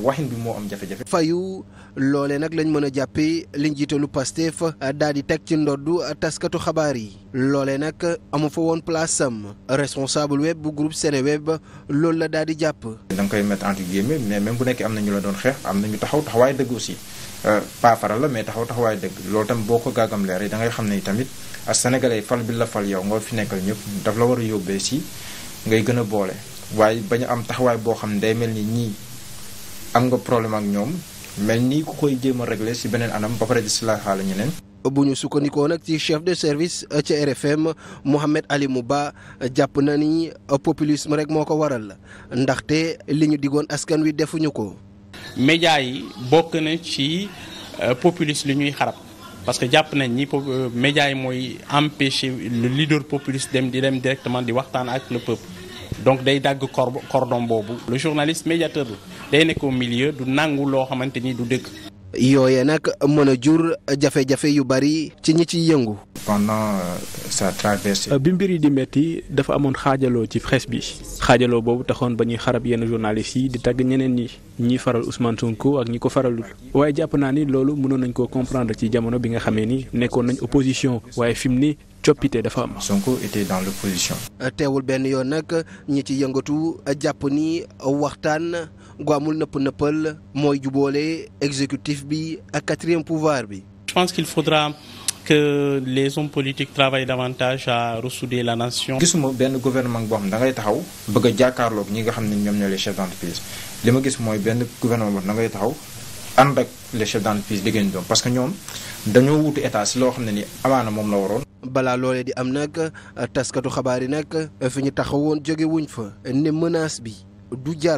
nag waxin bi moo am jafe-jafe. fayu loole nag lañ mën a jàppee li njiitalu Pastef daal di teg ci ndoddu taskatu xabaar yi loole nag amu fa woon place am responsable web bu groupe Seneweb loolu la daal di jàpp. da nga koy mettre entre guillemets même bu nekkee am na ñu la doon xeex am na ñu taxaw taxawaay dëgg aussi euh, pas la mais taxaw taxawaay dëgg loolu tam boo ko gàggam leer yi da ngay xam ne tamit ak sénégalais fal bi la fal yow nga fi nekkal ñëpp daf la war a yóbbee si ngay gën a boole waaye bañ am taxawaay boo xam ne day mel ni ñii. am nga problème ak ñoom mel ni ku koy jéem a régler ci beneen anam ba pare di si laa xaala ñeneen bu ñu sukkandikoo nag ci chef de service euh, ca RFM Mouhamed Ali Mouba jàpp na ni euh, populisme rek moo ko waral ndaxte li ñu digoon askan wi defuñu ko. média yi bokk na ci euh, populiste li ñuy xarab parce que jàpp nañ ni média yi mooy empêcher le leader populiste dem di dem directement di waxtaan ak le peuple donc day dagg cordon boobu. le journaliste médiateur la. day nekk au du nangu loo xamante ni du dëkk yooye nag mën a jur jafe-jafe yu bari ci ñi ciy yëngu. pendant euh, sa traversée. Euh, bi mbir yi di métti dafa amoon xaajaloo ci presse bi xaajaloo boobu taxoon ba ñuy xarab yenn journalistes yi di tagg ñeneen ñi ñi faral Ousmane Sonko ak ñi ko faralul waaye jàpp naa ni loolu mënoon nañ koo comprendre ci jamono bi nga xamee ni nekkoon nañ opposition waaye fi mu ni coppite dafa am. Sonko était dans l'opposition. teewul benn yoon nag ñi ci yëngatu jàpp ni waxtaan. gu amul nëpp nëppal mooy juboole exécutif bi ak quatrième pouvoir bi. je pense qu'il faudra que les hommes politiques travaillent davantage à ressouder la nation. gisuma benn gouvernement boo xam ne da ngay taxaw bëgg a jàkkaarloog ñi nga xam ne ñoom ñoo les chefs d'entreprise li ma gis mooy benn gouvernement boo xam ne da ngay taxaw ànd ak les chefs d'entreprise di ngeen doon parce que ñoom dañoo wutu état si loo xam ne ni amaana moom la waroon. balaa loolee di am nag taskatu xabaar yi nag fi ñu taxawoon jóge wuñ fa ne menace bi